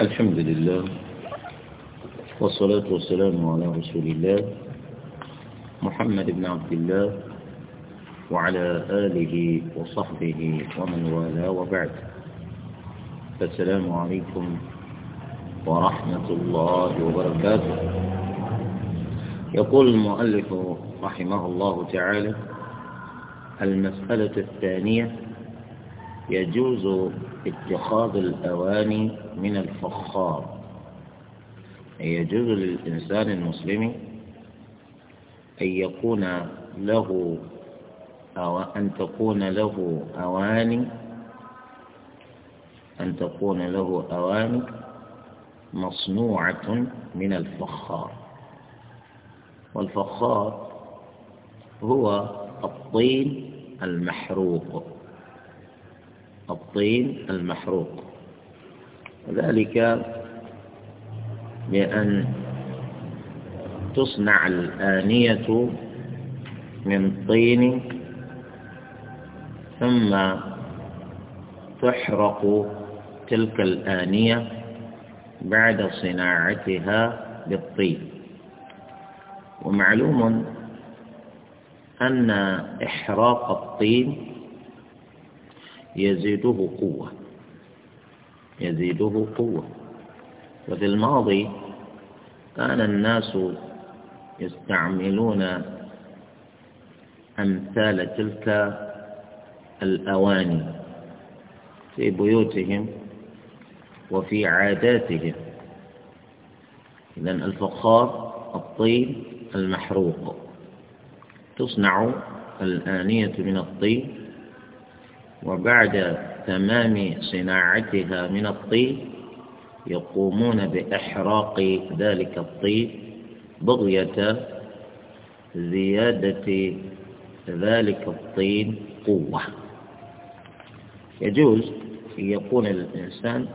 الحمد لله والصلاة والسلام على رسول الله محمد بن عبد الله وعلى آله وصحبه ومن والاه وبعد السلام عليكم ورحمة الله وبركاته يقول المؤلف رحمه الله تعالى المسألة الثانية يجوز اتخاذ الأواني من الفخار يجوز للإنسان المسلم أن يكون له أو أن تكون له أواني أن تكون له أواني مصنوعة من الفخار والفخار هو الطين المحروق الطين المحروق وذلك بأن تصنع الآنية من طين ثم تحرق تلك الآنية بعد صناعتها بالطين ومعلوم أن إحراق الطين يزيده قوة يزيده قوة وفي الماضي كان الناس يستعملون أمثال تلك الأواني في بيوتهم وفي عاداتهم إذا الفخار الطين المحروق تصنع الآنية من الطين وبعد تمام صناعتها من الطين يقومون بإحراق ذلك الطين بغية زيادة ذلك الطين قوة يجوز أن يكون الإنسان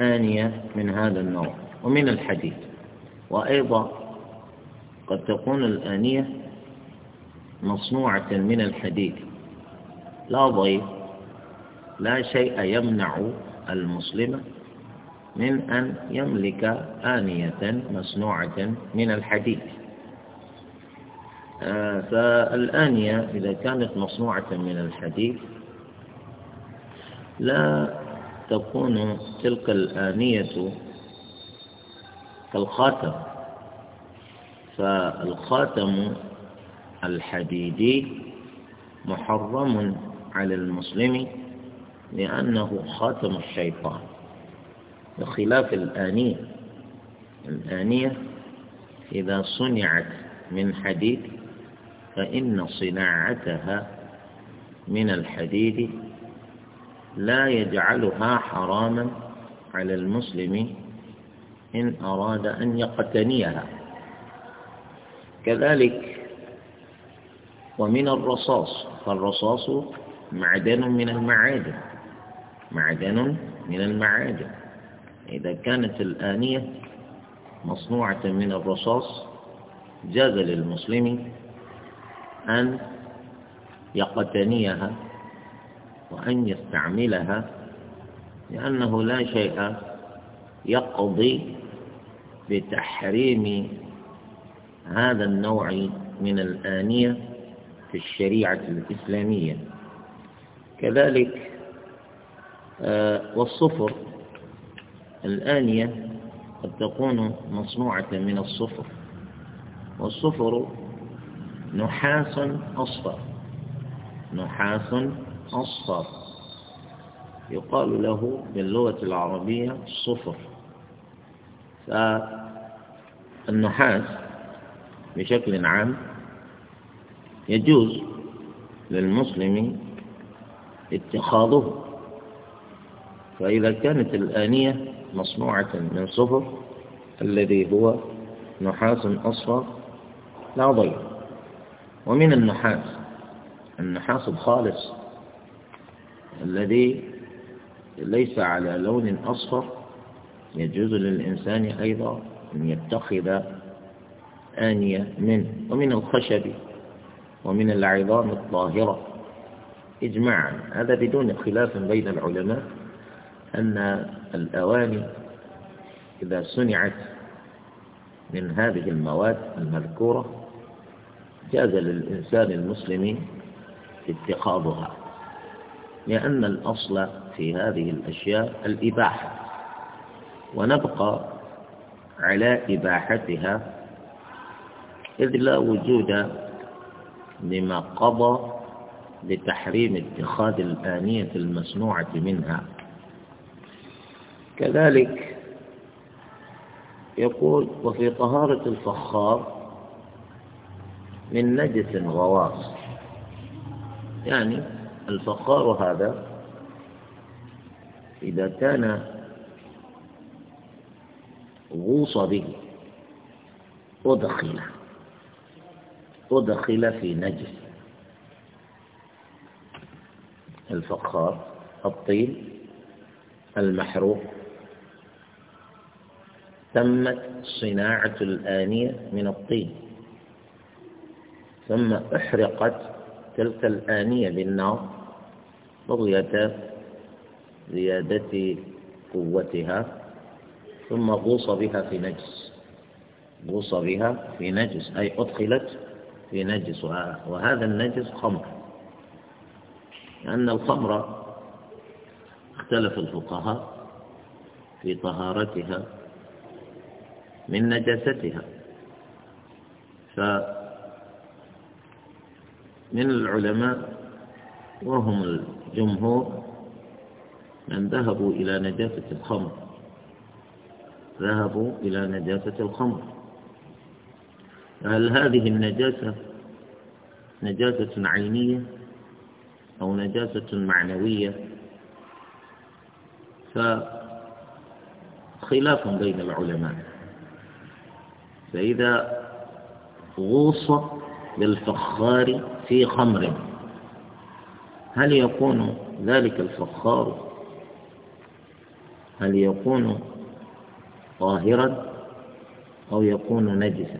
آنية من هذا النوع ومن الحديد وأيضا قد تكون الآنية مصنوعة من الحديد لا ضيف لا شيء يمنع المسلم من أن يملك آنية مصنوعة من الحديد آه، فالآنية إذا كانت مصنوعة من الحديد لا تكون تلك الآنية كالخاتم فالخاتم الحديدي محرم على المسلم لأنه خاتم الشيطان بخلاف الآنية الآنية إذا صنعت من حديد فإن صناعتها من الحديد لا يجعلها حراما على المسلم إن أراد أن يقتنيها كذلك ومن الرصاص فالرصاص معدن من المعادن معدن من المعادن إذا كانت الآنية مصنوعة من الرصاص جاز للمسلم أن يقتنيها وأن يستعملها لأنه لا شيء يقضي بتحريم هذا النوع من الآنية في الشريعة الإسلامية كذلك آه، والصفر الآنية قد تكون مصنوعة من الصفر والصفر نحاس أصفر نحاس أصفر يقال له باللغة العربية صفر فالنحاس بشكل عام يجوز للمسلم اتخاذه فإذا كانت الآنية مصنوعة من صفر الذي هو نحاس أصفر لا ضير ومن النحاس النحاس الخالص الذي ليس على لون أصفر يجوز للإنسان أيضا أن يتخذ آنية منه ومن الخشب ومن العظام الطاهرة إجماعا هذا بدون خلاف بين العلماء أن الأواني إذا صنعت من هذه المواد المذكورة جاز للإنسان المسلم اتخاذها لأن الأصل في هذه الأشياء الإباحة ونبقى على إباحتها إذ لا وجود لما قضى لتحريم اتخاذ الآنية المصنوعة منها كذلك يقول وفي طهارة الفخار من نجس غواص يعني الفخار هذا إذا كان غوص به أدخل أدخل في نجس الفخار الطين المحروق تمت صناعة الآنية من الطين ثم أحرقت تلك الآنية بالنار بغية زيادة قوتها ثم غوص بها في نجس غوص بها في نجس أي أدخلت في نجس وهذا النجس خمر لأن الخمر اختلف الفقهاء في طهارتها من نجاستها فمن العلماء وهم الجمهور من ذهبوا إلى نجاسة الخمر ذهبوا إلى نجاسة الخمر هل هذه النجاسة نجاسة عينية أو نجاسة معنوية فخلاف بين العلماء فإذا غوص بالفخار في خمر هل يكون ذلك الفخار هل يكون طاهرا أو يكون نجسا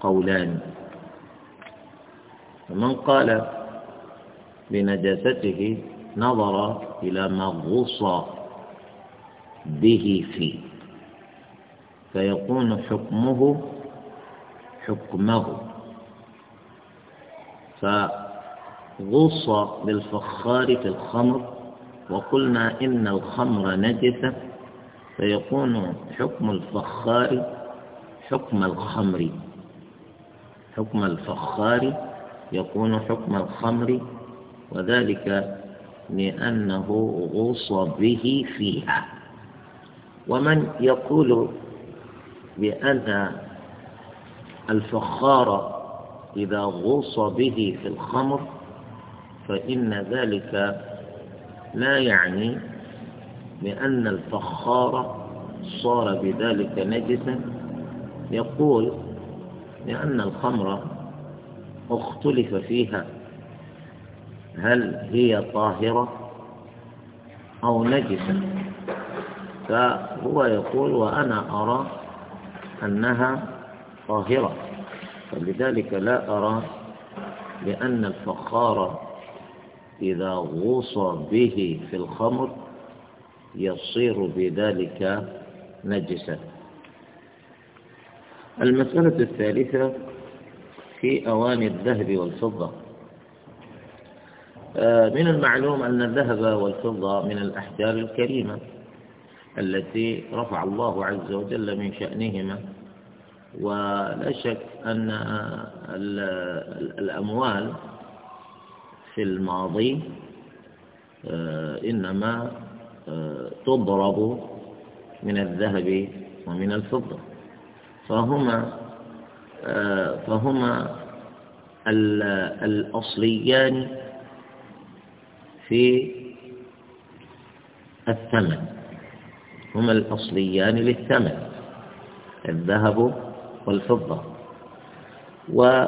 قولان فمن قال بنجاسته نظر إلى ما غوص به فيه فيكون حكمه حكمه فغص بالفخار في الخمر وقلنا إن الخمر نجسة فيكون حكم الفخار حكم الخمر حكم الفخار يكون حكم الخمر وذلك لأنه غص به فيها ومن يقول بأن الفخار إذا غوص به في الخمر فإن ذلك لا يعني بأن الفخار صار بذلك نجسا يقول لأن الخمر اختلف فيها هل هي طاهرة أو نجسة فهو يقول وأنا أرى أنها طاهرة فلذلك لا أرى لأن الفخار إذا غوص به في الخمر يصير بذلك نجسا المسألة الثالثة في أواني الذهب والفضة آه، من المعلوم أن الذهب والفضة من الأحجار الكريمة التي رفع الله عز وجل من شأنهما ولا شك أن الأموال في الماضي آه، إنما آه، تضرب من الذهب ومن الفضة فهما آه، فهما الأصليان في الثمن هما الأصليان للثمن الذهب والفضة و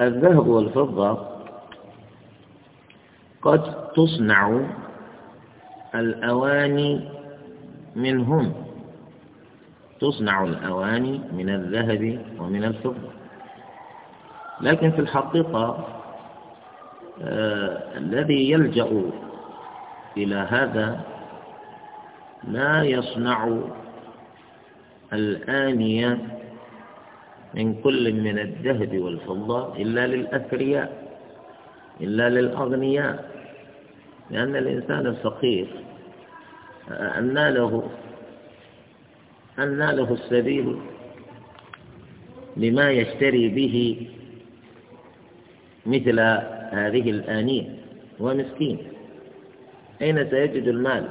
الذهب والفضة قد تصنع الأواني منهم تصنع الأواني من الذهب ومن الفضة لكن في الحقيقة آه الذي يلجأ إلى هذا لا يصنع الآنية من كل من الذهب والفضة إلا للأثرياء إلا للأغنياء لأن الإنسان الفقير أن له أن له السبيل لما يشتري به مثل هذه الآنية هو مسكين أين سيجد المال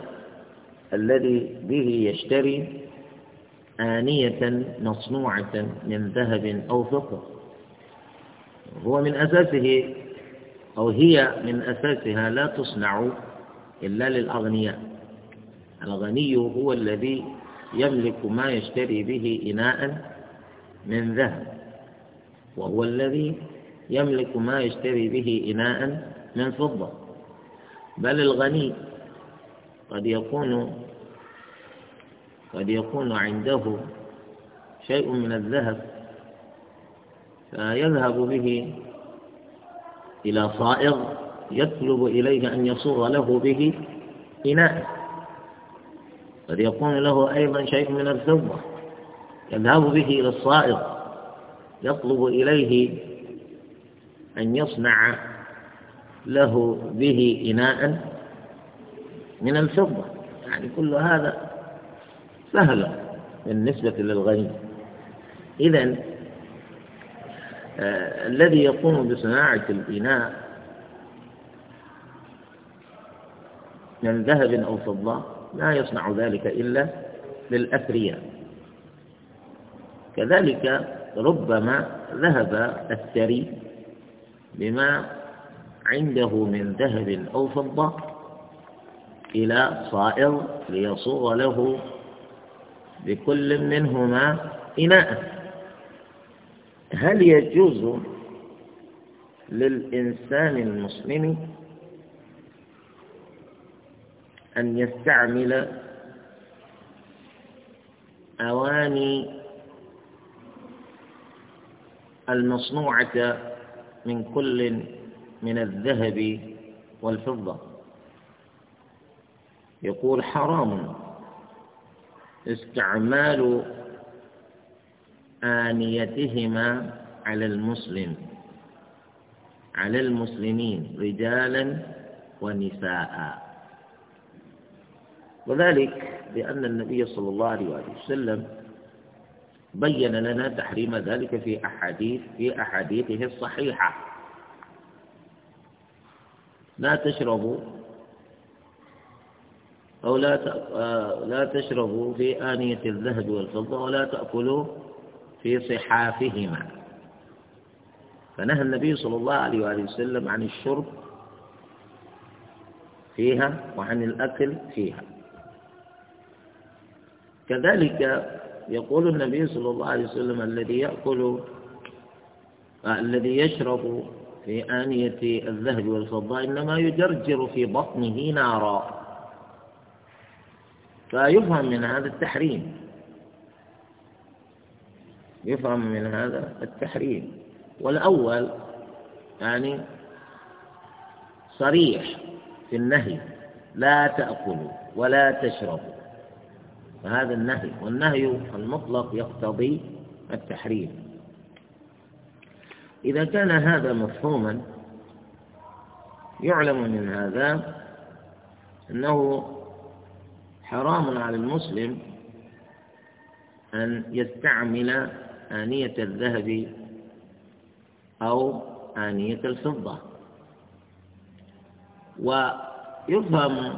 الذي به يشتري آنية مصنوعة من ذهب أو فضة هو من أساسه أو هي من أساسها لا تصنع إلا للأغنياء الغني هو الذي يملك ما يشتري به إناء من ذهب وهو الذي يملك ما يشتري به إناء من فضة بل الغني قد يكون قد يكون عنده شيء من الذهب فيذهب به إلى صائغ يطلب إليه أن يصور له به إناء قد يكون له أيضا شيء من الذوة يذهب به إلى الصائغ يطلب إليه أن يصنع له به إناء من الفضة يعني كل هذا سهل بالنسبة للغني إذا آه الذي يقوم بصناعة الإناء من ذهب أو فضة لا يصنع ذلك إلا للأثرياء كذلك ربما ذهب الثري بما عنده من ذهب أو فضة إلى صائغ ليصوغ له بكل منهما إناء هل يجوز للإنسان المسلم أن يستعمل أواني المصنوعة من كل من الذهب والفضة يقول حرام استعمال آنيتهما على المسلم على المسلمين رجالا ونساء وذلك لأن النبي صلى الله عليه وسلم بين لنا تحريم ذلك في أحاديث في أحاديثه الصحيحة لا تشربوا أو لا آه، لا تشربوا في آنية الذهب والفضة ولا تأكلوا في صحافهما فنهى النبي صلى الله عليه وآله وسلم عن الشرب فيها وعن الأكل فيها كذلك يقول النبي صلى الله عليه وسلم الذي يأكل آه، الذي يشرب في آنية الذهب والفضة إنما يجرجر في بطنه نارا فيفهم من هذا التحريم يفهم من هذا التحريم والأول يعني صريح في النهي لا تأكلوا ولا تشربوا فهذا النهي والنهي المطلق يقتضي التحريم إذا كان هذا مفهوما يعلم من هذا أنه حرام على المسلم أن يستعمل آنية الذهب أو آنية الفضة ويفهم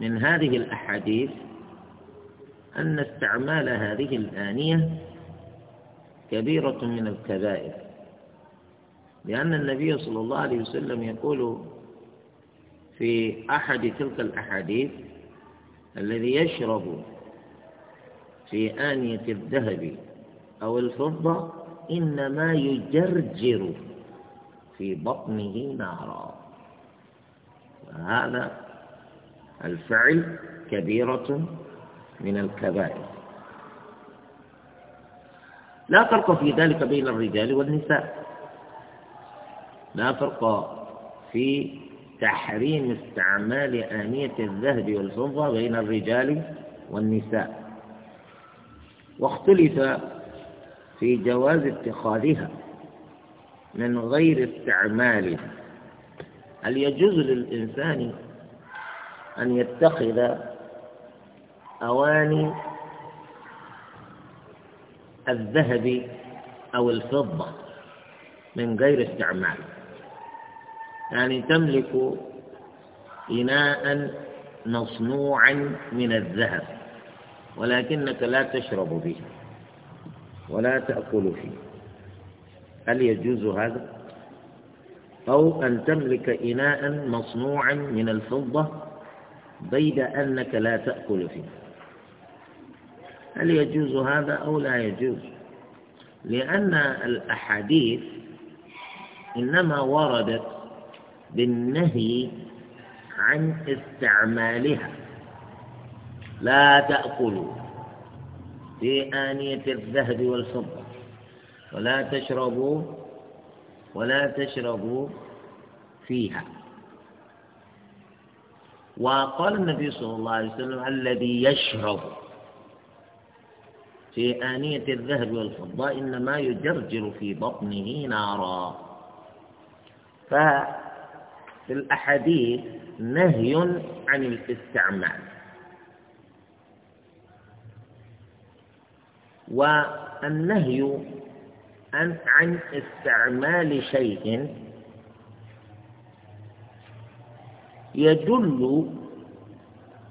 من هذه الأحاديث أن استعمال هذه الآنية كبيرة من الكبائر لأن النبي صلى الله عليه وسلم يقول في أحد تلك الأحاديث الذي يشرب في آنية الذهب أو الفضة إنما يجرجر في بطنه نارا هذا الفعل كبيرة من الكبائر لا فرق في ذلك بين الرجال والنساء لا فرق في تحريم استعمال آنية الذهب والفضة بين الرجال والنساء واختلف في جواز اتخاذها من غير استعمالها هل يجوز للإنسان أن يتخذ أواني الذهب أو الفضة من غير استعمال يعني تملك إناء مصنوعا من الذهب ولكنك لا تشرب به ولا تأكل فيه هل يجوز هذا؟ أو أن تملك إناء مصنوعا من الفضة بيد أنك لا تأكل فيه هل يجوز هذا أو لا يجوز لأن الأحاديث إنما وردت بالنهي عن استعمالها لا تأكلوا في آنية الذهب والفضة ولا تشربوا ولا تشربوا فيها وقال النبي صلى الله عليه وسلم الذي يشرب في آنية الذهب والفضة إنما يجرجر في بطنه نارا ففي الأحاديث نهي عن الاستعمال والنهي عن استعمال شيء يدل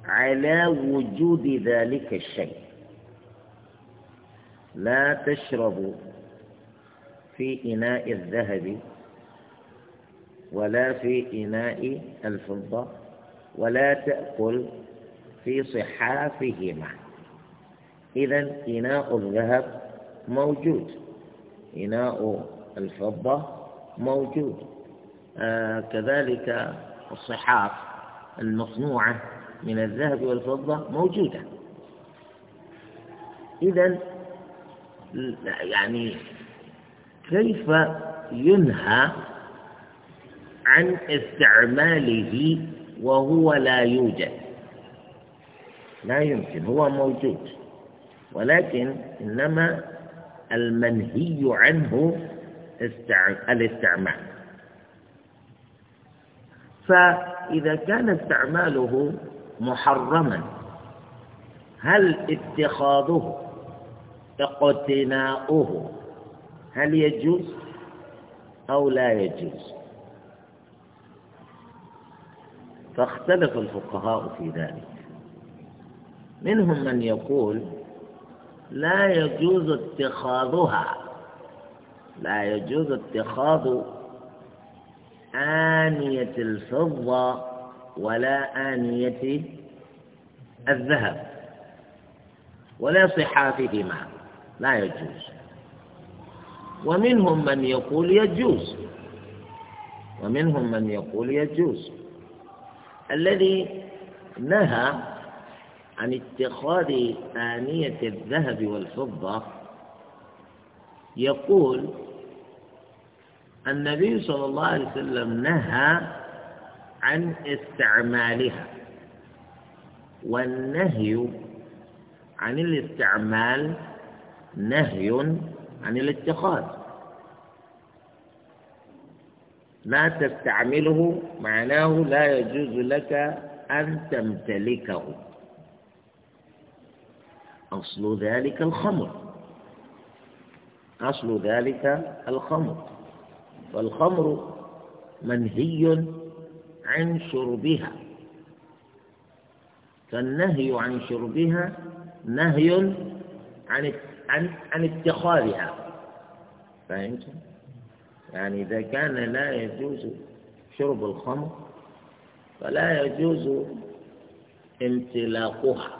على وجود ذلك الشيء لا تشرب في إناء الذهب ولا في إناء الفضة ولا تأكل في صحافهما إذا إناء الذهب موجود إناء الفضة موجود آه كذلك الصحاف المصنوعة من الذهب والفضة موجودة إذا يعني كيف ينهى عن استعماله وهو لا يوجد لا يمكن هو موجود ولكن إنما المنهي عنه الاستعمال فإذا كان استعماله محرما هل اتخاذه اقتناؤه هل يجوز أو لا يجوز فاختلف الفقهاء في ذلك منهم من يقول لا يجوز اتخاذها لا يجوز اتخاذ آنية الفضة ولا آنية الذهب ولا صحافهما لا يجوز ومنهم من يقول يجوز ومنهم من يقول يجوز الذي نهى عن اتخاذ آنية الذهب والفضة يقول النبي صلى الله عليه وسلم نهى عن استعمالها والنهي عن الاستعمال نهي عن الاتخاذ ما تستعمله معناه لا يجوز لك أن تمتلكه أصل ذلك الخمر أصل ذلك الخمر والخمر منهي عن شربها فالنهي عن شربها نهي عن عن عن اتخاذها فهمت؟ يعني إذا كان لا يجوز شرب الخمر فلا يجوز امتلاقها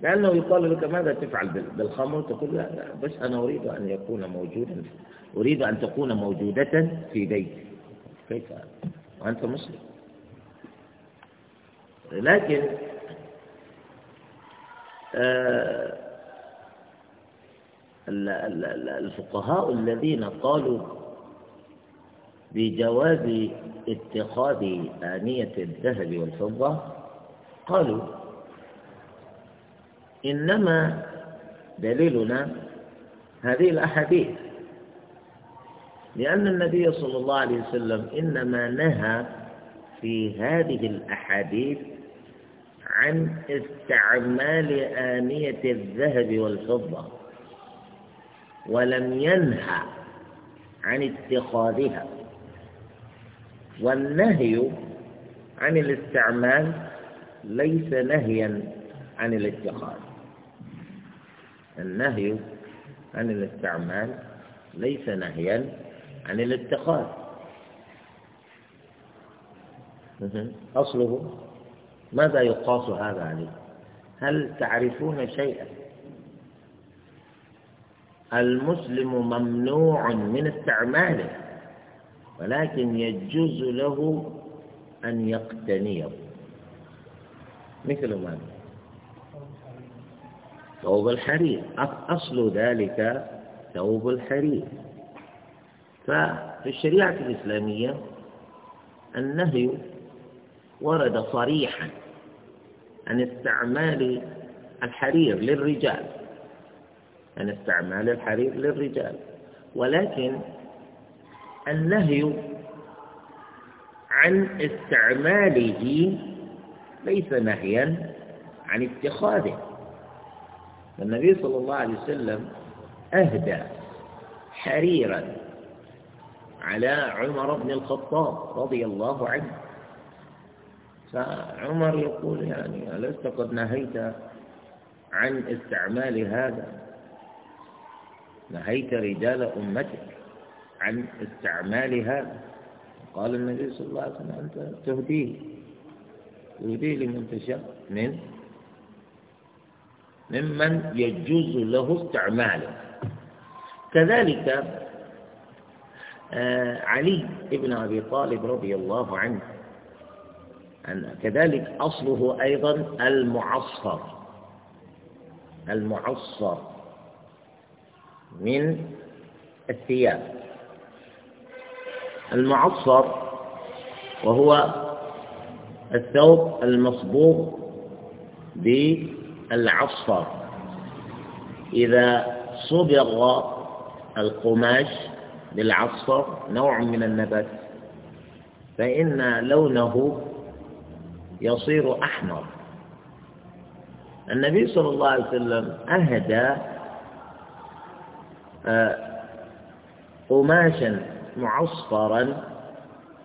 لأنه يقال لك ماذا تفعل بالخمر تقول لا, لا بس أنا أريد أن يكون موجودا أريد أن تكون موجودة في بيتي كيف وأنت مسلم لكن آه الفقهاء الذين قالوا بجواز اتخاذ آنية الذهب والفضة قالوا إنما دليلنا هذه الأحاديث لأن النبي صلى الله عليه وسلم إنما نهى في هذه الأحاديث عن استعمال آنية الذهب والفضة ولم ينهى عن اتخاذها والنهي عن الاستعمال ليس نهيا عن الاتخاذ النهي عن الاستعمال ليس نهيا عن الاتخاذ أصله ماذا يقاس هذا عليه هل تعرفون شيئا المسلم ممنوع من استعماله ولكن يجوز له أن يقتنيه مثل ماذا؟ ثوب الحرير أصل ذلك ثوب الحرير ففي الشريعة الإسلامية النهي ورد صريحا عن استعمال الحرير للرجال عن استعمال الحرير للرجال ولكن النهي عن استعماله ليس نهيا عن اتخاذه النبي صلى الله عليه وسلم أهدى حريرا على عمر بن الخطاب رضي الله عنه فعمر يقول يعني ألست قد نهيت عن استعمال هذا نهيت رجال أمتك عن استعمال هذا قال النبي صلى الله عليه وسلم أنت تهديه تهديه لمن تشاء من ممن يجوز له استعماله كذلك آه، علي بن أبي طالب رضي الله عنه أن كذلك أصله أيضا المعصر المعصر من الثياب المعصر وهو الثوب المصبوغ بالعصفر إذا صبغ القماش بالعصفر نوع من النبات فإن لونه يصير أحمر النبي صلى الله عليه وسلم أهدى قماشا معصفرا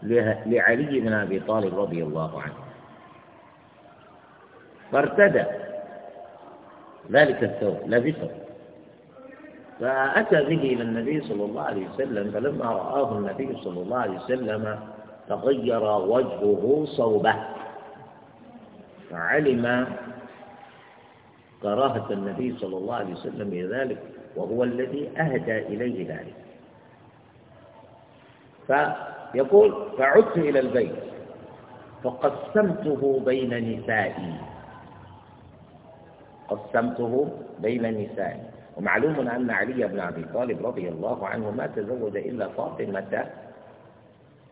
لعلي بن أبي طالب رضي الله عنه فارتدى ذلك الثوب لبسه فأتى به إلى النبي صلى الله عليه وسلم فلما رآه النبي صلى الله عليه وسلم تغير وجهه صوبه فعلم كراهة النبي صلى الله عليه وسلم لذلك وهو الذي أهدى إليه ذلك فيقول فعدت إلى البيت فقسمته بين نسائي قسمته بين نسائي ومعلوم أن علي بن أبي طالب رضي الله عنه ما تزوج إلا فاطمة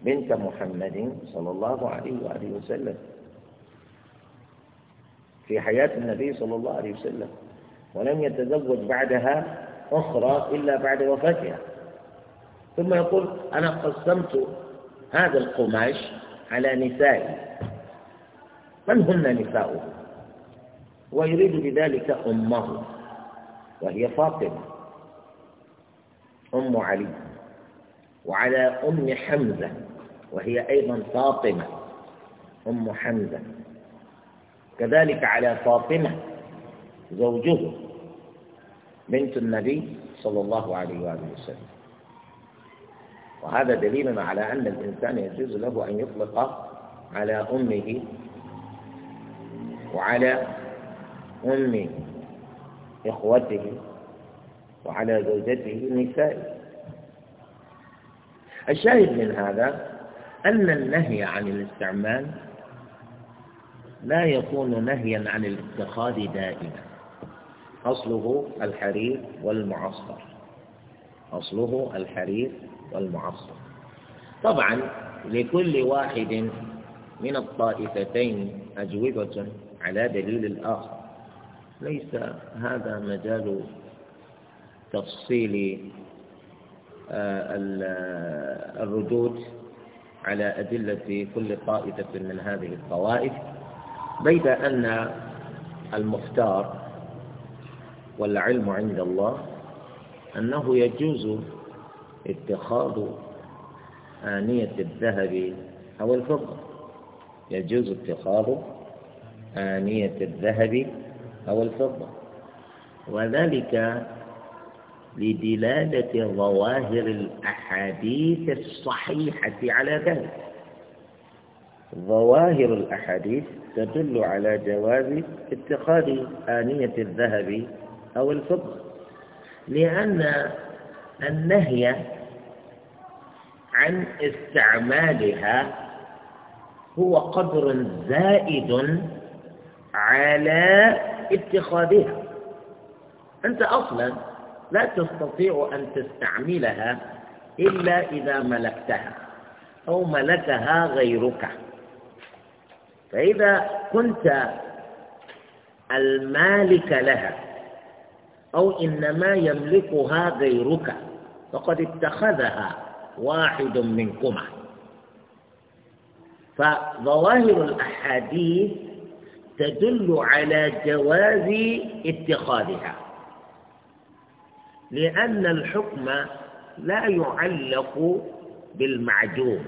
بنت محمد صلى الله عليه وآله وسلم في حياة النبي صلى الله عليه وسلم ولم يتزوج بعدها أخرى إلا بعد وفاتها ثم يقول أنا قسمت هذا القماش على نسائي من هن نساؤه ويريد بذلك أمه وهي فاطمة أم علي وعلى أم حمزة وهي أيضا فاطمة أم حمزة كذلك على فاطمة زوجه بنت النبي صلى الله عليه وآله وسلم وهذا دليل على أن الإنسان يجوز له أن يطلق على أمه وعلى أم إخوته وعلى زوجته نسائه الشاهد من هذا أن النهي عن الاستعمال لا يكون نهيا عن الاتخاذ دائما أصله الحرير والمعصفر أصله الحرير والمعصفر طبعا لكل واحد من الطائفتين أجوبة على دليل الآخر ليس هذا مجال تفصيل آه، الردود على أدلة كل طائفة من هذه الطوائف بيد أن المختار والعلم عند الله أنه يجوز اتخاذ آنية الذهب أو الفضة يجوز اتخاذ آنية الذهب أو الفضة وذلك لدلالة ظواهر الأحاديث الصحيحة على ذلك ظواهر الأحاديث تدل على جواز اتخاذ آنية الذهب أو الفضة لأن النهي عن استعمالها هو قدر زائد على اتخاذها أنت أصلا لا تستطيع أن تستعملها إلا إذا ملكتها أو ملكها غيرك فإذا كنت المالك لها أو إنما يملكها غيرك فقد اتخذها واحد منكما فظواهر الأحاديث تدل على جواز اتخاذها لأن الحكم لا يعلق بالمعدوم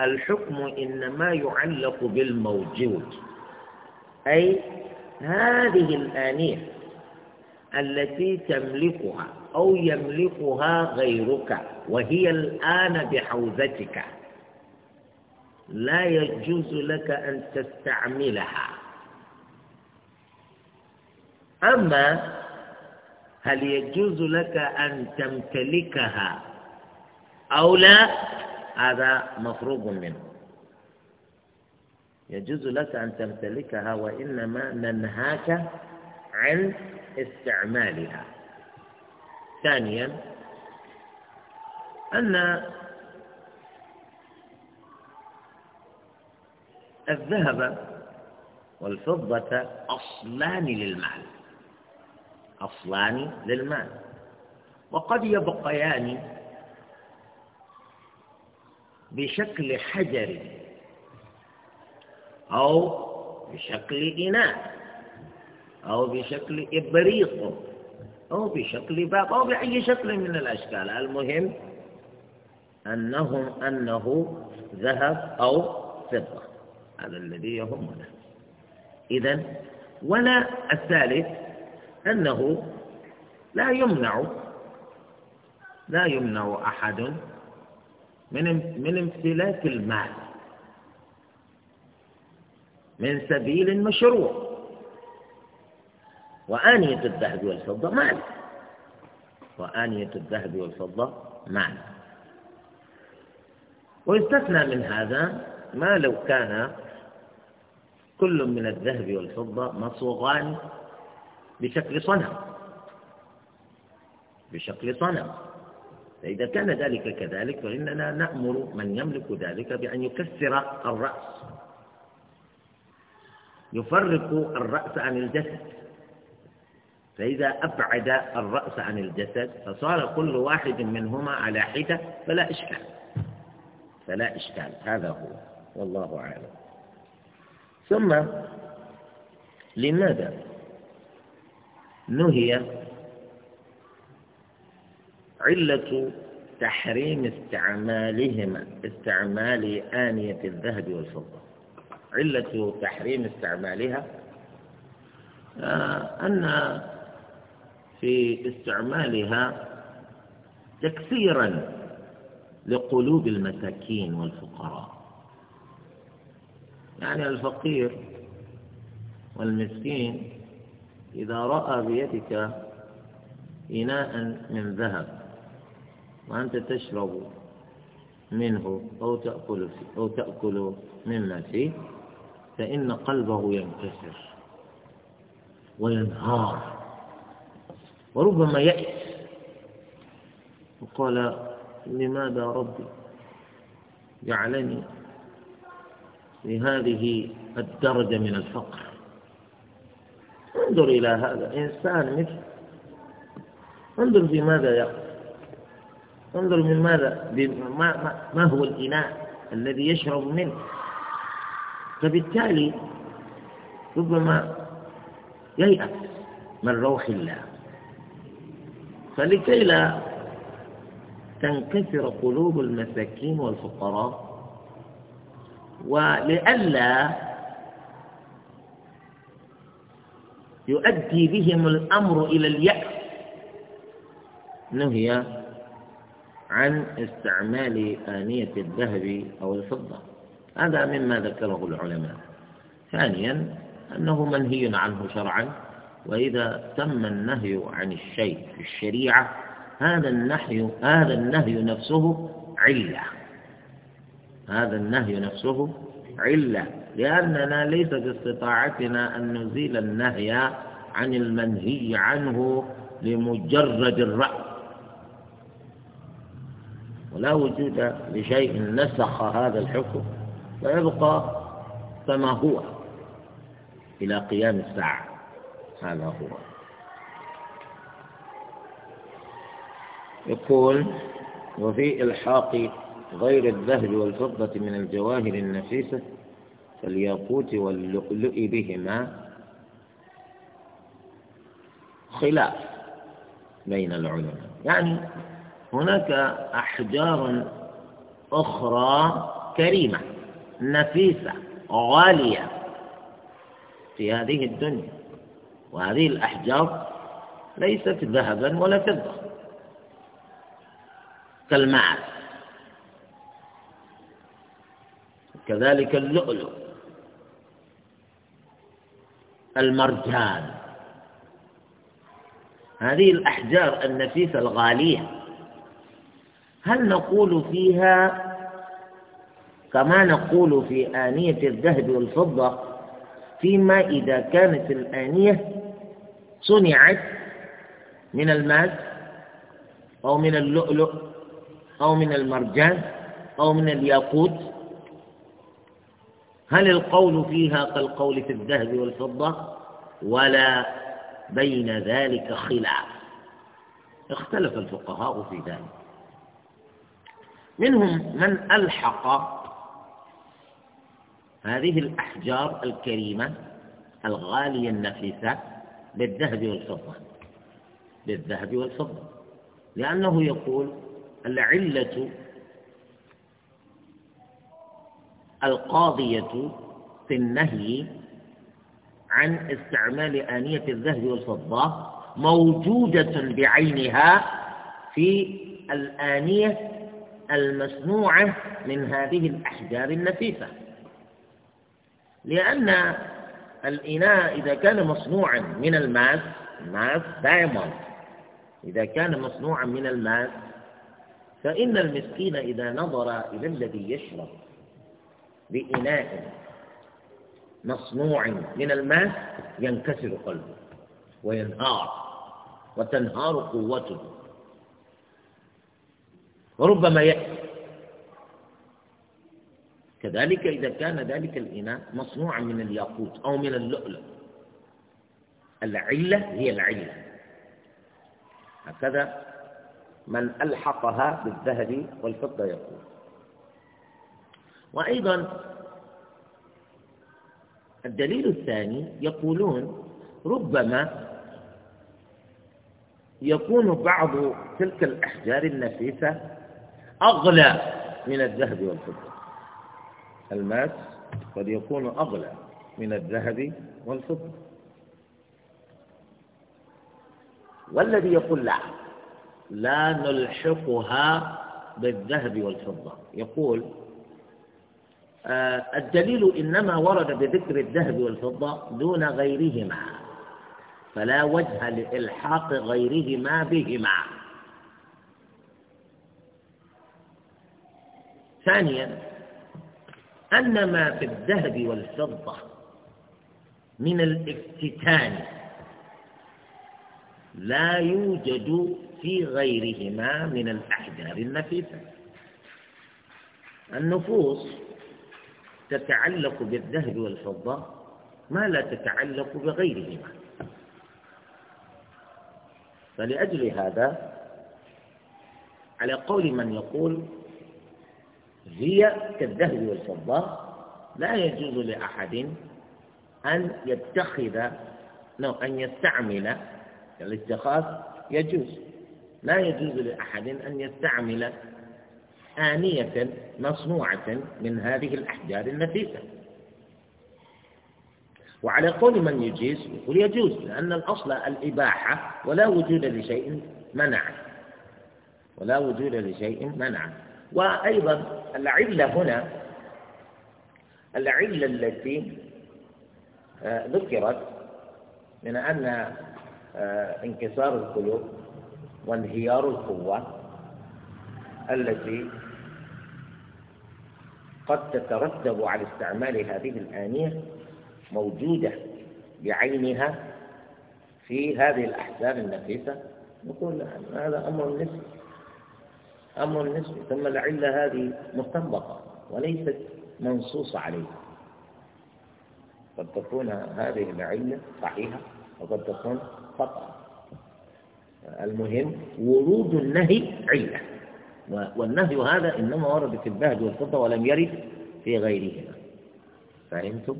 الحكم إنما يعلق بالموجود أي هذه الآنية التي تملكها أو يملكها غيرك وهي الآن بحوزتك لا يجوز لك أن تستعملها أما هل يجوز لك أن تمتلكها أو لا هذا مفروغ منه يجوز لك أن تمتلكها وإنما ننهاك عن استعمالها ثانيا أن الذهب والفضة أصلان للمال أصلان للمال وقد يبقيان بشكل حجر أو بشكل إناث أو بشكل إبريق أو بشكل باب أو بأي شكل من الأشكال المهم أنهم أنه ذهب أو فضة هذا الذي يهمنا إذا ولا الثالث أنه لا يمنع لا يمنع أحد من من امتلاك المال من سبيل مشروع وآنية الذهب والفضة معا وآنية الذهب والفضة معا ويستثنى من هذا ما لو كان كل من الذهب والفضة مصوغان بشكل صنم بشكل صنم فإذا كان ذلك كذلك فإننا نأمر من يملك ذلك بأن يكسر الرأس يفرق الرأس عن الجسد فإذا أبعد الرأس عن الجسد فصار كل واحد منهما على حدة فلا إشكال فلا إشكال هذا هو والله أعلم ثم لماذا نهي علة تحريم استعمالهما استعمال آنية الذهب والفضة علة تحريم استعمالها آه، أن في استعمالها تكسيرا لقلوب المساكين والفقراء يعني الفقير والمسكين إذا رأى بيدك إناء من ذهب وأنت تشرب منه أو تأكل فيه أو تأكل مما فيه فإن قلبه ينكسر وينهار وربما يأس وقال لماذا ربي جعلني في هذه الدرجة من الفقر انظر إلى هذا إنسان مثل انظر في ماذا يأكل انظر من ماذا بما ما هو الإناء الذي يشرب منه فبالتالي ربما ييأس من روح الله فلكي لا تنكسر قلوب المساكين والفقراء ولئلا يؤدي بهم الأمر إلى اليأس نهي عن استعمال آنية الذهب أو الفضة هذا مما ذكره العلماء ثانيا أنه منهي عنه شرعا وإذا تم النهي عن الشيء في الشريعة هذا النهي هذا النهي نفسه علة هذا النهي نفسه علة لأننا ليس باستطاعتنا أن نزيل النهي عن المنهي عنه لمجرد الرأي ولا وجود لشيء نسخ هذا الحكم فيبقى كما هو إلى قيام الساعة هذا هو يقول وفي إلحاق غير الذهب والفضة من الجواهر النفيسة فالياقوت واللؤلؤ بهما خلاف بين العلماء يعني هناك أحجار أخرى كريمة نفيسة غالية في هذه الدنيا وهذه الأحجار ليست ذهبا ولا فضة كالمعز كذلك اللؤلؤ المرجان هذه الأحجار النفيسة الغالية هل نقول فيها كما نقول في آنية الذهب والفضة فيما إذا كانت الآنية صنعت من الماس أو من اللؤلؤ أو من المرجان أو من الياقوت هل القول فيها كالقول في الذهب والفضة ولا بين ذلك خلاف اختلف الفقهاء في ذلك منهم من ألحق هذه الأحجار الكريمة الغالية النفيسة بالذهب والفضة بالذهب والفضة لأنه يقول العلة القاضية في النهي عن استعمال آنية الذهب والفضة موجودة بعينها في الآنية المصنوعة من هذه الأحجار النفيسة لأن الإناء إذا كان مصنوعا من الماس ماس دايموند إذا كان مصنوعا من الماس فإن المسكين إذا نظر إلى الذي يشرب بإناء مصنوع من الماس ينكسر قلبه وينهار وتنهار قوته وربما يأتي كذلك إذا كان ذلك الإناء مصنوعا من الياقوت أو من اللؤلؤ العلة هي العلة هكذا من ألحقها بالذهب والفضة يقول وأيضا الدليل الثاني يقولون ربما يكون بعض تلك الأحجار النفيسة أغلى من الذهب والفضة الماس قد يكون أغلى من الذهب والفضة والذي يقول لا لا نلحقها بالذهب والفضة يقول آه، الدليل إنما ورد بذكر الذهب والفضة دون غيرهما فلا وجه لإلحاق غيرهما بهما ثانيا أن ما في الذهب والفضة من الافتتان لا يوجد في غيرهما من الأحجار النفيسة النفوس تتعلق بالذهب والفضة ما لا تتعلق بغيرهما فلأجل هذا على قول من يقول هي كالذهب والفضة لا يجوز لأحد أن يتخذ نو أن يستعمل الاتخاذ يجوز لا يجوز لأحد أن يستعمل آنية مصنوعة من هذه الأحجار النفيسة وعلى قول من يجيز يقول يجوز لأن الأصل الإباحة ولا وجود لشيء منع ولا وجود لشيء منع وأيضا العلة هنا العلة التي آه، ذكرت من أن آه، انكسار القلوب وانهيار القوة التي قد تترتب على استعمال هذه الآنية موجودة بعينها في هذه الأحزاب النفيسة نقول هذا أمر نسبي أمر نسبي ثم العلة هذه مستنبطة وليست منصوصة عليها قد تكون هذه العلة صحيحة وقد تكون خطأ المهم ورود النهي علة والنهي هذا إنما ورد في البهج والفضة ولم يرد في غيرهما فهمتم؟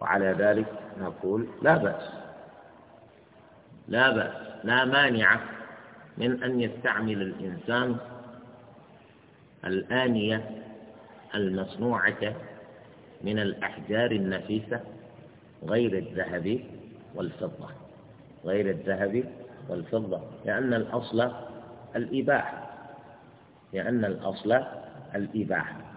وعلى ذلك نقول لا بأس لا بأس لا مانع من أن يستعمل الإنسان الآنية المصنوعة من الأحجار النفيسة غير الذهب والفضة غير الذهب والفضة لأن الأصل الإباحة لأن الأصل الإباحة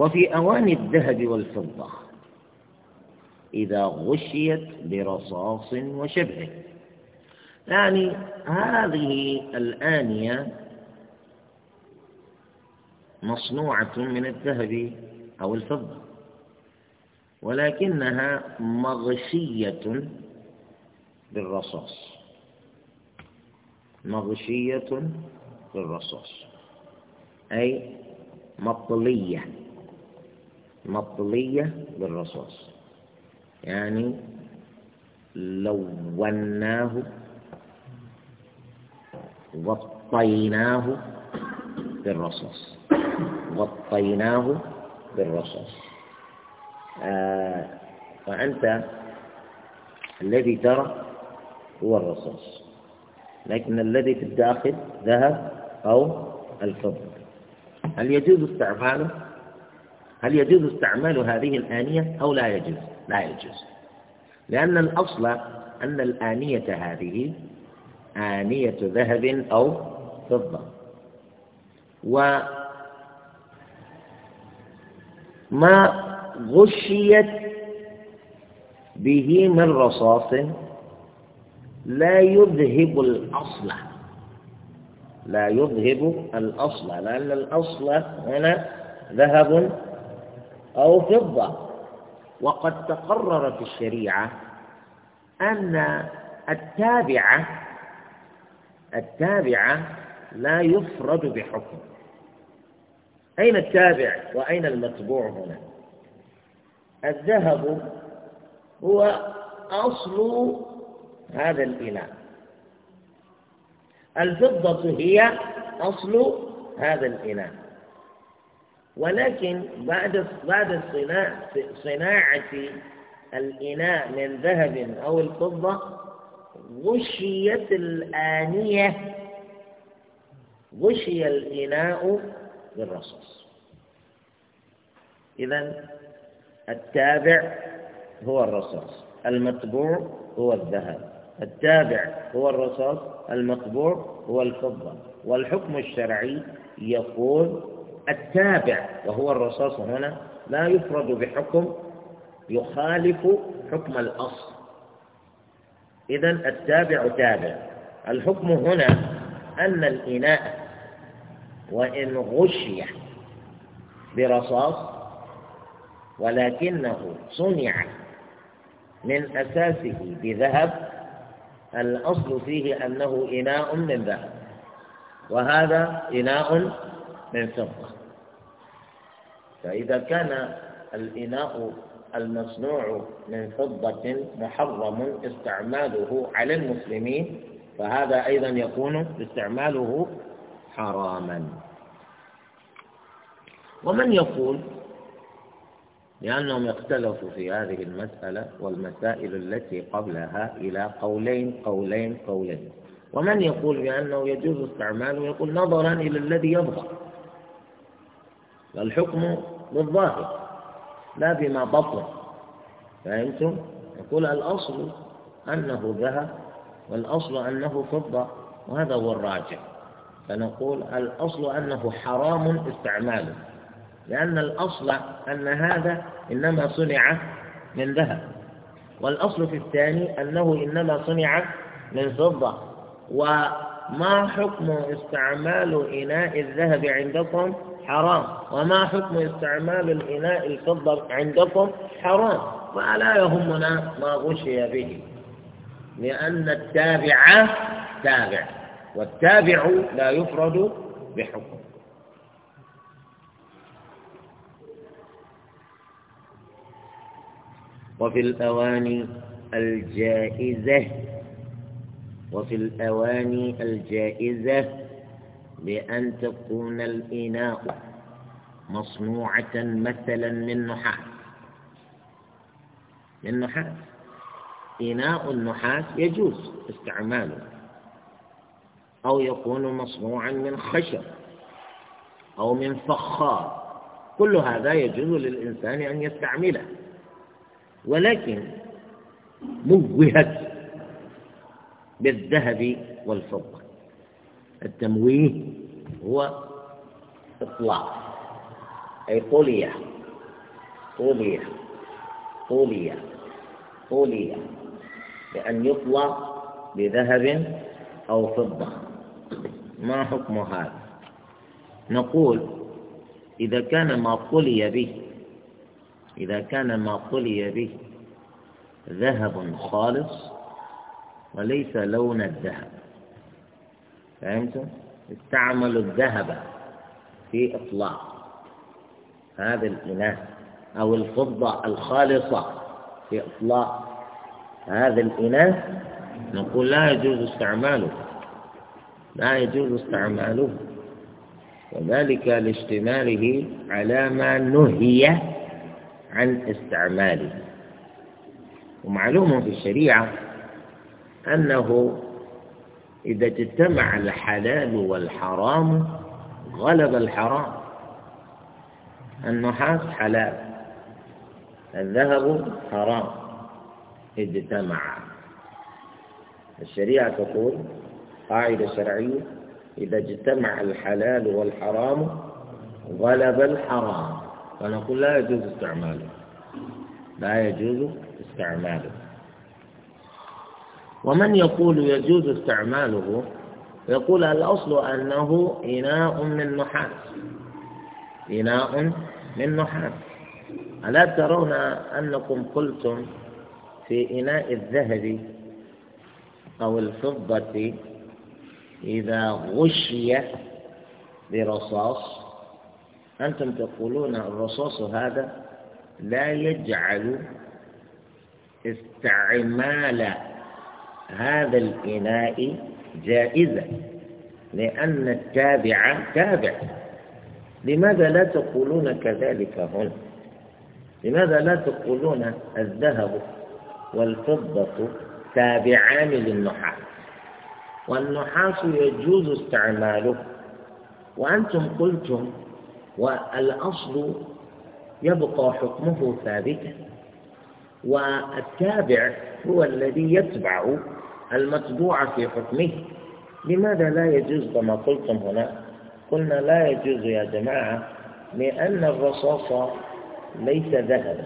وفي أواني الذهب والفضة إذا غشيت برصاص وشبهه يعني هذه الآنية مصنوعة من الذهب أو الفضة ولكنها مغشية بالرصاص مغشية بالرصاص أي مطلية مطلية بالرصاص يعني لوناه وطيناه بالرصاص وطيناه بالرصاص آه فأنت الذي ترى هو الرصاص لكن الذي في الداخل ذهب أو الفضة هل يجوز استعماله هل يجوز استعمال هذه الآنية أو لا يجوز لا يجوز لأن الأصل أن الآنية هذه آنية ذهب أو فضة وما غشيت به من رصاص لا يذهب الأصل لا يذهب الأصل لأن الأصل هنا ذهب أو فضة وقد تقرر في الشريعة أن التابعة التابعة لا يفرد بحكم أين التابع وأين المتبوع هنا الذهب هو أصل هذا الإناء الفضة هي أصل هذا الإناء ولكن بعد بعد صناعة صناعة الإناء من ذهب أو الفضة غشيت الآنية غشي الإناء بالرصاص إذا التابع هو الرصاص المطبوع هو الذهب التابع هو الرصاص المطبوع هو الفضة والحكم الشرعي يقول التابع وهو الرصاص هنا لا يفرد بحكم يخالف حكم الأصل إذا التابع تابع الحكم هنا أن الإناء وإن غشي برصاص ولكنه صنع من أساسه بذهب الأصل فيه أنه إناء من ذهب وهذا إناء من فضة فإذا كان الإناء المصنوع من فضة محرم استعماله على المسلمين فهذا أيضا يكون استعماله حراما ومن يقول لأنهم اختلفوا في هذه المسألة والمسائل التي قبلها إلى قولين قولين قولين ومن يقول بأنه يجوز استعماله يقول نظرا إلى الذي يظهر والحكم بالظاهر لا بما بطن فهمتم؟ يقول الأصل أنه ذهب والأصل أنه فضة وهذا هو الراجع فنقول الأصل أنه حرام استعماله لأن الأصل أن هذا إنما صنع من ذهب والأصل في الثاني أنه إنما صنع من فضة و ما حكم استعمال إناء الذهب عندكم حرام وما حكم استعمال الإناء الفضة عندكم حرام فلا يهمنا ما غشي به لأن التابع تابع والتابع لا يفرد بحكم وفي الأواني الجائزة وفي الأواني الجائزة بأن تكون الإناء مصنوعة مثلا من نحاس من نحاس إناء النحاس يجوز استعماله أو يكون مصنوعا من خشب أو من فخار كل هذا يجوز للإنسان أن يستعمله ولكن موهت بالذهب والفضة التمويه هو إطلاق أي قولية قولية قولية قولية بأن يطلق بذهب أو فضة ما حكم هذا نقول إذا كان ما طلي به إذا كان ما طلي به ذهب خالص وليس لون الذهب فهمتم؟ استعملوا الذهب في إطلاق هذا الإناث أو الفضة الخالصة في إطلاق هذا الإناث نقول لا يجوز استعماله لا يجوز استعماله وذلك لاشتماله على ما نهي عن استعماله ومعلوم في الشريعة أنه إذا اجتمع الحلال والحرام غلب الحرام النحاس حلال الذهب حرام اجتمع الشريعة تقول قاعدة شرعية إذا اجتمع الحلال والحرام غلب الحرام فنقول لا يجوز استعماله لا يجوز استعماله ومن يقول يجوز استعماله يقول الأصل أنه إناء من نحاس إناء من نحاس ألا ترون أنكم قلتم في إناء الذهب أو الفضة إذا غشي برصاص أنتم تقولون الرصاص هذا لا يجعل استعمال هذا الإناء جائزة لأن التابع تابع لماذا لا تقولون كذلك هنا لماذا لا تقولون الذهب والفضة تابعان للنحاس والنحاس يجوز استعماله وأنتم قلتم والأصل يبقى حكمه ثابتا والتابع هو الذي يتبع المتبوعة في حكمه لماذا لا يجوز كما قلتم هنا قلنا لا يجوز يا جماعة لأن الرصاص ليس ذهبا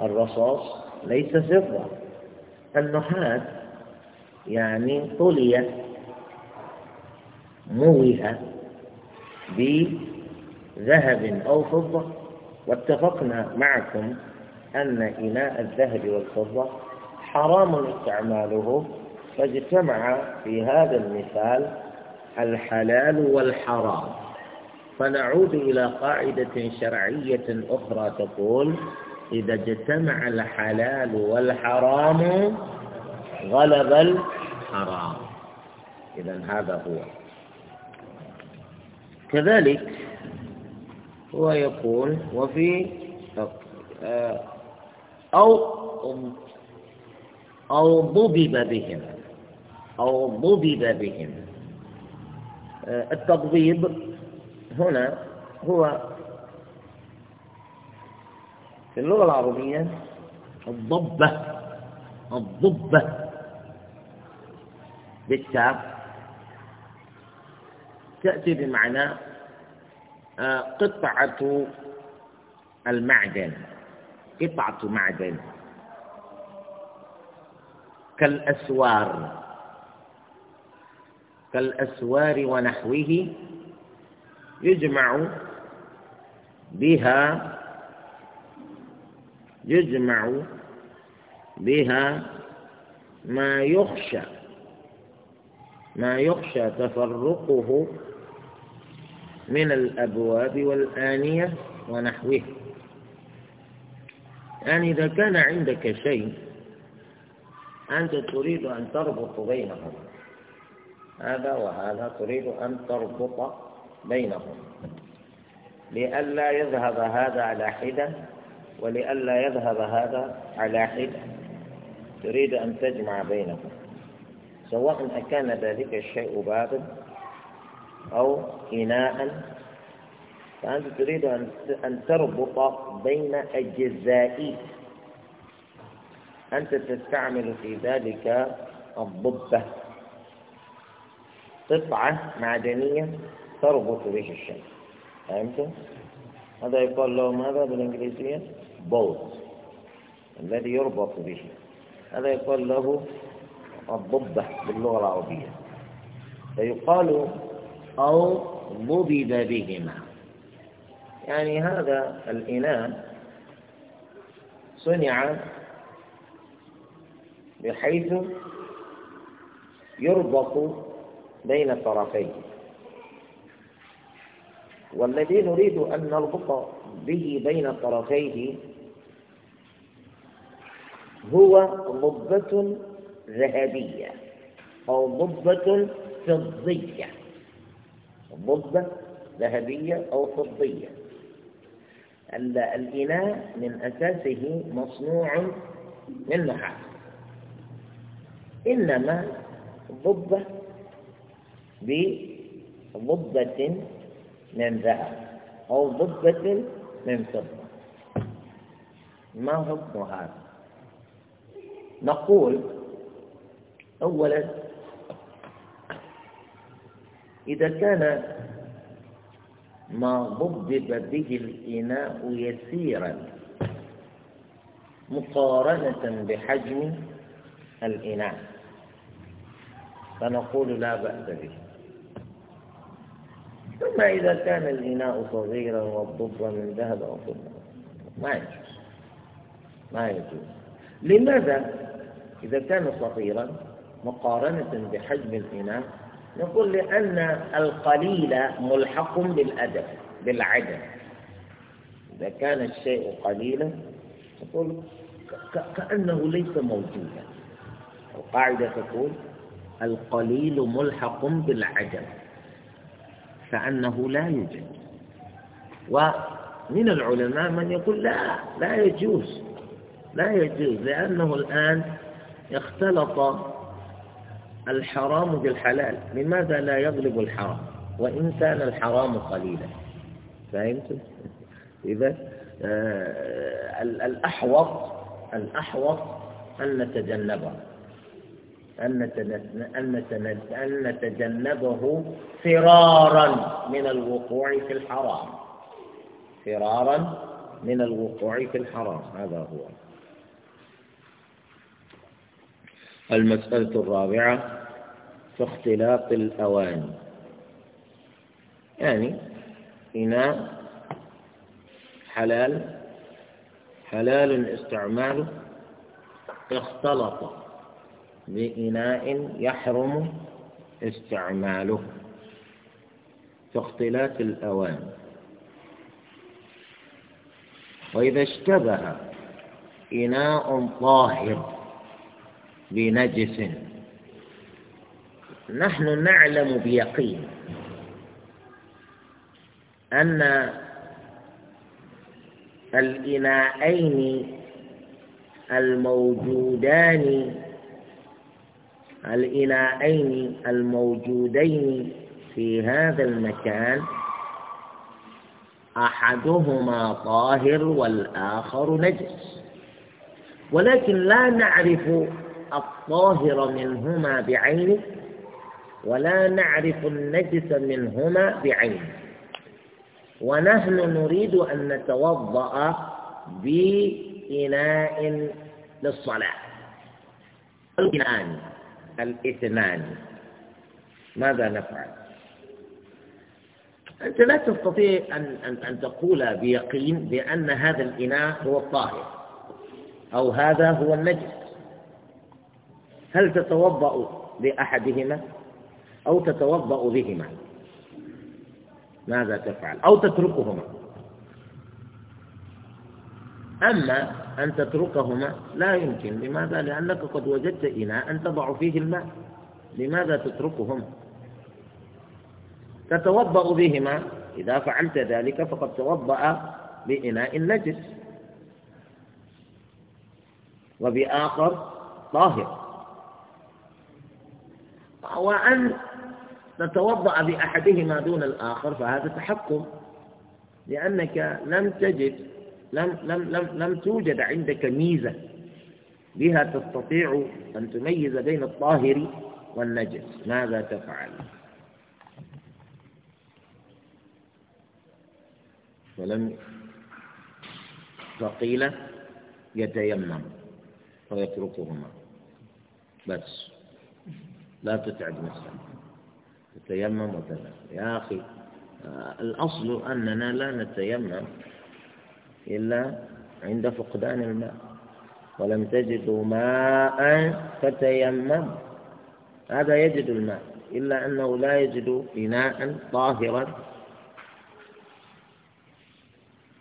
الرصاص ليس فضة النحاس يعني طلي موه بذهب أو فضة واتفقنا معكم أن إناء الذهب والفضة حرام استعماله فاجتمع في هذا المثال الحلال والحرام فنعود إلى قاعدة شرعية أخرى تقول إذا اجتمع الحلال والحرام غلب الحرام إذا هذا هو كذلك هو يقول وفي أو أو ضبب بهم أو ضبب بهم آه، التضبيب هنا هو في اللغة العربية الضبة الضبة بالتاء تأتي بمعنى آه، قطعة المعدن قطعة معدن كالأسوار كالأسوار ونحوه يجمع بها يجمع بها ما يخشى ما يخشى تفرقه من الأبواب والآنية ونحوه يعني إذا كان عندك شيء أنت تريد أن تربط بينهما هذا وهذا تريد أن تربط بينهم لئلا يذهب هذا على حدة ولئلا يذهب هذا على حدة تريد أن تجمع بينهم سواء أكان ذلك الشيء بابا أو إناء فأنت تريد أن تربط بين أجزائه أنت تستعمل في ذلك الضبة قطعة معدنية تربط به الشمس فهمت؟ هذا يقال له ماذا بالإنجليزية؟ بولت الذي يربط به هذا يقال له الضبة باللغة العربية فيقال أو ضبب بهما يعني هذا الإناء صنع بحيث يربط بين الطرفين والذي نريد أن نربط به بين الطرفين هو ضبة ذهبية أو ضبة فضية ضبة ذهبية أو فضية الإناء من أساسه مصنوع من نحاس إنما ضبة بضبة من ذهب أو ضبة من فضة ما حكم هذا نقول أولا إذا كان ما ضبب به الإناء يسيرا مقارنة بحجم الإناء فنقول لا بأس به أما إذا كان الإناء صغيرا والضبة من ذهب أو فضة ما يجوز ما يجوز لماذا إذا كان صغيرا مقارنة بحجم الإناء نقول لأن القليل ملحق بالأدب بالعدم إذا كان الشيء قليلا نقول كأنه ليس موجودا القاعدة تقول القليل ملحق بالعدم فأنه لا يوجد ومن العلماء من يقول لا لا يجوز لا يجوز لأنه الآن اختلط الحرام بالحلال لماذا لا يغلب الحرام وإن كان الحرام قليلا فهمتم إذا آه، الأحوط الأحوط أن نتجنبه أن نتجنبه فرارا من الوقوع في الحرام فرارا من الوقوع في الحرام هذا هو المسألة الرابعة في اختلاق الأواني يعني إناء حلال حلال استعماله اختلط بإناء يحرم استعماله اختلاف الأوان وإذا اشتبه إناء طاهر بنجس نحن نعلم بيقين أن الإناءين الموجودان الإلهين الموجودين في هذا المكان أحدهما طاهر والآخر نجس ولكن لا نعرف الطاهر منهما بعينه ولا نعرف النجس منهما بعينه ونحن نريد أن نتوضأ بإناء للصلاة الآن الاثنان ماذا نفعل أنت لا تستطيع أن, أن, أن تقول بيقين بأن هذا الإناء هو الطاهر أو هذا هو النجس هل تتوضأ بأحدهما أو تتوضأ بهما ماذا تفعل أو تتركهما أما أن تتركهما لا يمكن لماذا؟ لأنك قد وجدت إناء أن تضع فيه الماء لماذا تتركهما؟ تتوضأ بهما إذا فعلت ذلك فقد توضأ بإناء النجس وبآخر طاهر وأن تتوضأ بأحدهما دون الآخر فهذا تحكم لأنك لم تجد لم, لم, لم, لم توجد عندك ميزة بها تستطيع أن تميز بين الطاهر والنجس ماذا تفعل فلم فقيل يتيمم ويتركهما بس لا تتعب نفسك تتيمم وتذهب يا أخي آه، الأصل أننا لا نتيمم إلا عند فقدان الماء ولم تجدوا ماء فتيمم هذا يجد الماء إلا أنه لا يجد إناء طاهرا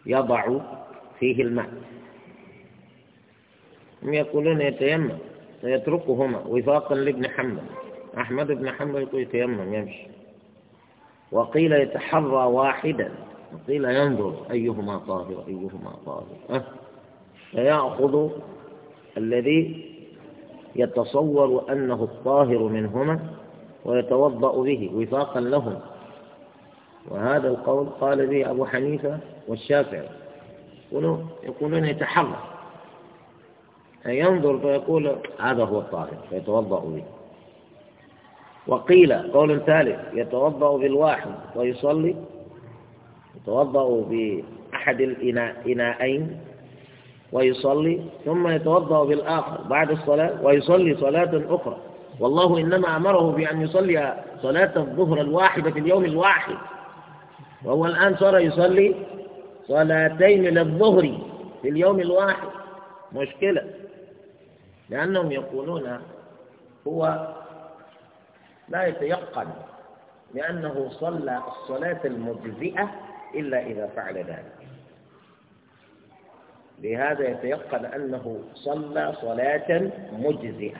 يضع فيه الماء هم يقولون يتيمم فيتركهما وفاقا لابن حنبل أحمد بن حنبل يقول يتيمم يمشي وقيل يتحرى واحدا قيل ينظر أيهما طاهر أيهما طاهر فيأخذ الذي يتصور أنه الطاهر منهما ويتوضأ به وفاقا لهم وهذا القول قال به أبو حنيفة والشافعي يقولون يتحرى فينظر فيقول هذا هو الطاهر فيتوضأ به وقيل قول ثالث يتوضأ بالواحد ويصلي يتوضأ بأحد الإناءين ويصلي ثم يتوضأ بالآخر بعد الصلاة ويصلي صلاة أخرى والله إنما أمره بأن يصلي صلاة الظهر الواحدة في اليوم الواحد وهو الآن صار يصلي صلاتين للظهر في اليوم الواحد مشكلة لأنهم يقولون هو لا يتيقن لأنه صلى الصلاة المجزئة إلا إذا فعل ذلك لهذا يتيقن أنه صلى صلاة مجزئة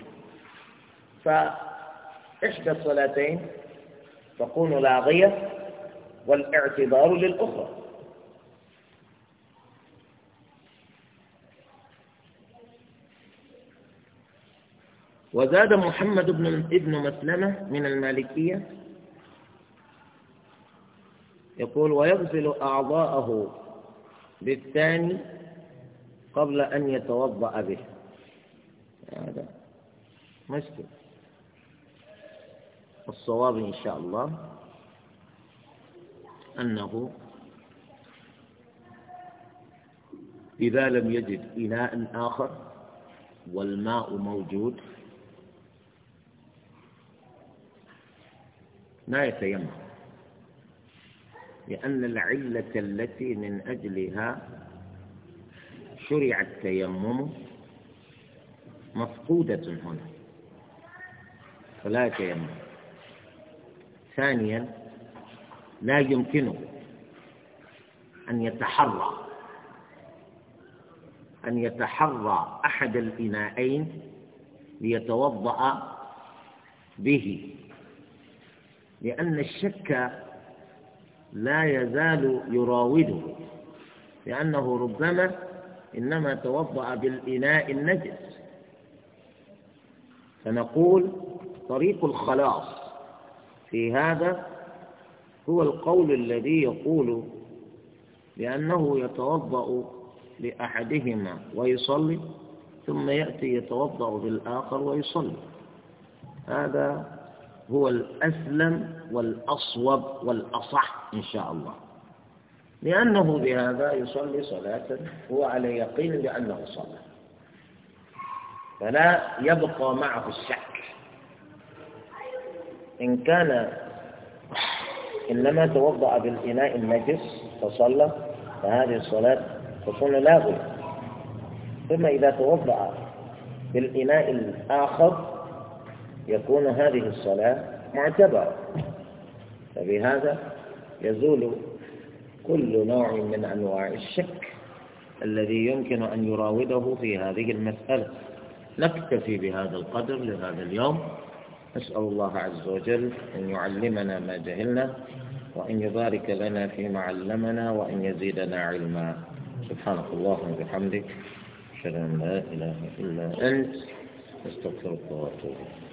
فإحدى الصلاتين تكون لاغية والاعتذار للأخرى وزاد محمد بن ابن مسلمة من المالكية يقول ويغسل أعضاءه بالثاني قبل أن يتوضأ به هذا مشكل الصواب إن شاء الله أنه إذا لم يجد إناء آخر والماء موجود لا يتيمم لأن العلة التي من أجلها شرع التيمم مفقودة هنا فلا يتيمم ثانيا لا يمكنه أن يتحرى أن يتحرى أحد الإناءين ليتوضأ به لأن الشك لا يزال يراوده لأنه ربما إنما توضأ بالإناء النجس فنقول طريق الخلاص في هذا هو القول الذي يقول بأنه يتوضأ لأحدهما ويصلي ثم يأتي يتوضأ بالآخر ويصلي هذا هو الأسلم والأصوب والأصح إن شاء الله لأنه بهذا يصلي صلاة هو على يقين بأنه صلى فلا يبقى معه الشك إن كان إنما توضأ بالإناء النجس فصلى فهذه الصلاة تكون لاغية ثم إذا توضأ بالإناء الآخر يكون هذه الصلاة معتبرة فبهذا يزول كل نوع من أنواع الشك الذي يمكن أن يراوده في هذه المسألة نكتفي بهذا القدر لهذا اليوم نسأل الله عز وجل أن يعلمنا ما جهلنا وأن يبارك لنا فيما علمنا وأن يزيدنا علما سبحانك اللهم وبحمدك أشهد أن لا إله إلا أنت أستغفرك وأتوب إليك